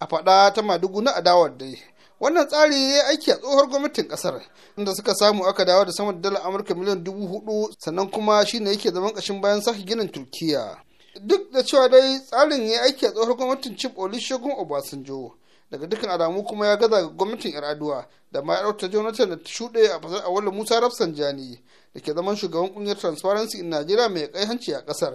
a faɗa ta maduguna adawar dai wannan tsari ya yi aiki a tsohon gwamnatin kasar inda suka samu aka dawo da sama da dalar amurka miliyan dubu hudu sannan kuma shine yake zaman kashin bayan sake ginin turkiya duk da cewa dai tsarin ya aiki a tsohon gwamnatin cip olusegun obasanjo daga dukkan alamu kuma ya gaza ga gwamnatin yar-aduwa da ma yarauta jonathan da ta shuɗe a fasar awalla musa rafsanjani da ke zaman shugaban kungiyar transparency in najeriya mai kai hanci a kasar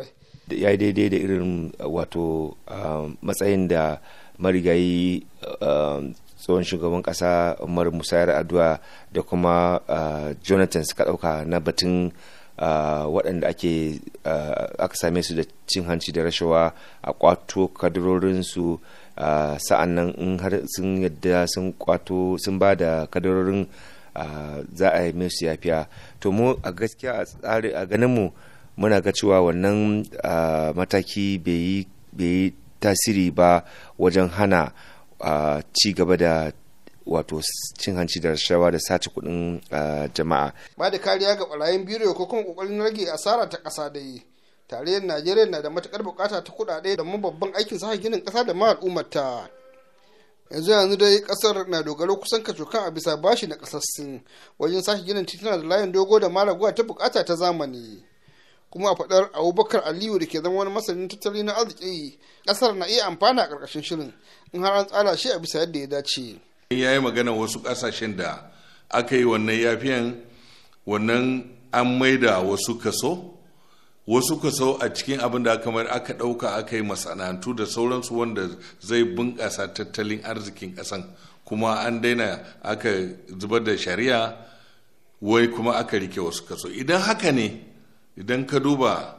ya yi daidai da irin uh, wato uh, matsayin da marigayi uh, tsohon shugaban kasa umar musayar addu'a da kuma jonathan suka dauka na batun waɗanda ake aka same su da cin hanci da rashawa a kwato kadarorinsu sa'an nan in har sun yadda sun kwato sun ba da kadarorin za a yi musu yafiya to mu a gaskiya a ganin mu muna ga cewa wannan mataki bai yi tasiri ba wajen hana ci gaba da wato cin hanci da rashawa da sace kuɗin jama'a. ba da kariya ga barayin biro ko kuma ƙoƙarin rage asara ta kasa da yi tarayyar najeriya na da matukar bukata ta kuɗaɗe da mu babban aikin sa ginin kasa da ma al'ummarta yanzu yanzu dai ƙasar na dogaro kusan kacokan a bisa bashi na ƙasar sin wajen sake ginin tituna da layin dogo da mara ta bukata ta zamani. kuma a faɗar abubakar aliyu da ke zama wani masanin tattali na arziki ƙasar na iya amfana a ƙarƙashin shirin in har an tsara shi a bisa yadda ya dace ya yi magana wasu ƙasashen da aka yi wannan yafiyan wannan an maida wasu kaso wasu kaso a cikin abin da aka mai aka ɗauka aka yi masana'antu da sauransu wanda zai bunƙasa tattalin arzikin ƙasan kuma an daina aka zubar da shari'a wai kuma aka rike wasu kaso idan haka ne idan ka duba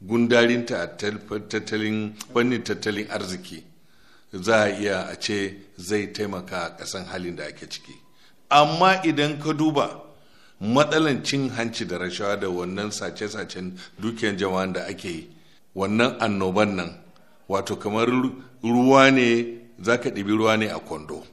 gundarinta a tattalin fannin tattalin arziki za a iya a ce zai taimaka a kasan halin da ake ciki amma idan ka duba matsalan cin hanci da rashawa da wannan sace-sacen dukiyar jama'a da ake yi wannan annoban nan wato kamar ruwa ne za ka ɗibi ruwa ne a kwando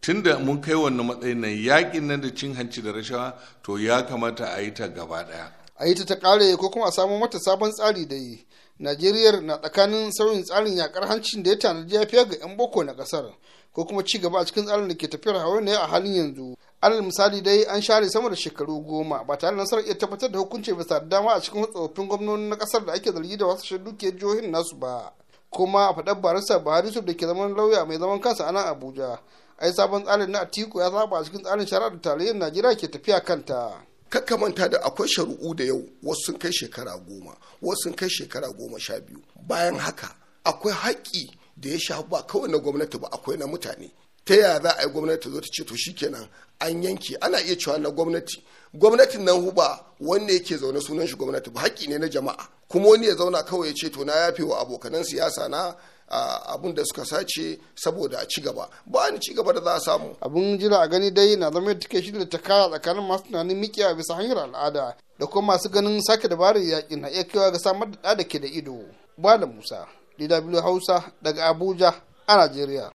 tun da mun kai wannan matsayin nan yaƙin nan da cin hanci da rashawa to ya kamata a yi ta gaba ɗaya a yi ta ta kare ko kuma a samo mata sabon tsari da yi najeriya na tsakanin sauyin tsarin yakar hancin da ya tanadi ya fiye ga 'yan boko na kasar ko kuma ci gaba a cikin tsarin da ke tafiyar ne a halin yanzu alal misali dai an share sama da shekaru goma ba tare da nasarar iya tabbatar da hukunci bisa da dama a cikin tsofaffin gwamnoni na kasar da ake zargi da wasu shaidu jihohin nasu ba kuma a faɗar barista buhari su da ke zaman lauya mai zaman kansa a nan abuja ai sabon tsarin na atiku ya saba a cikin tsarin shari'a da tarayyar najeriya ke tafiya kanta manta da akwai shari'u da yau wasu sun kai shekara goma wasu sun kai shekara goma sha biyu bayan haka akwai haƙƙi da ya shafi ba kawai na gwamnati ba akwai na mutane ta yaya za a yi gwamnati ta zo ta ce to shikenan an yanke ana iya cewa na gwamnati gwamnatin nan huba wanda yake zaune sunan shi gwamnati ba haƙƙi ne na jama'a kuma wani ya zauna kawai ya ce to na yafe wa abokanan siyasa na abin da suka sace saboda a ci gaba ba ni ci gaba da za a samu abin jira a gani dai na zama take shi da ta kara tsakanin masu tunanin mikiya bisa hanyar al'ada da kuma masu ganin sake dabarar yakin na iya kaiwa ga samar da da ke da ido ba da musa dw hausa daga abuja a najeriya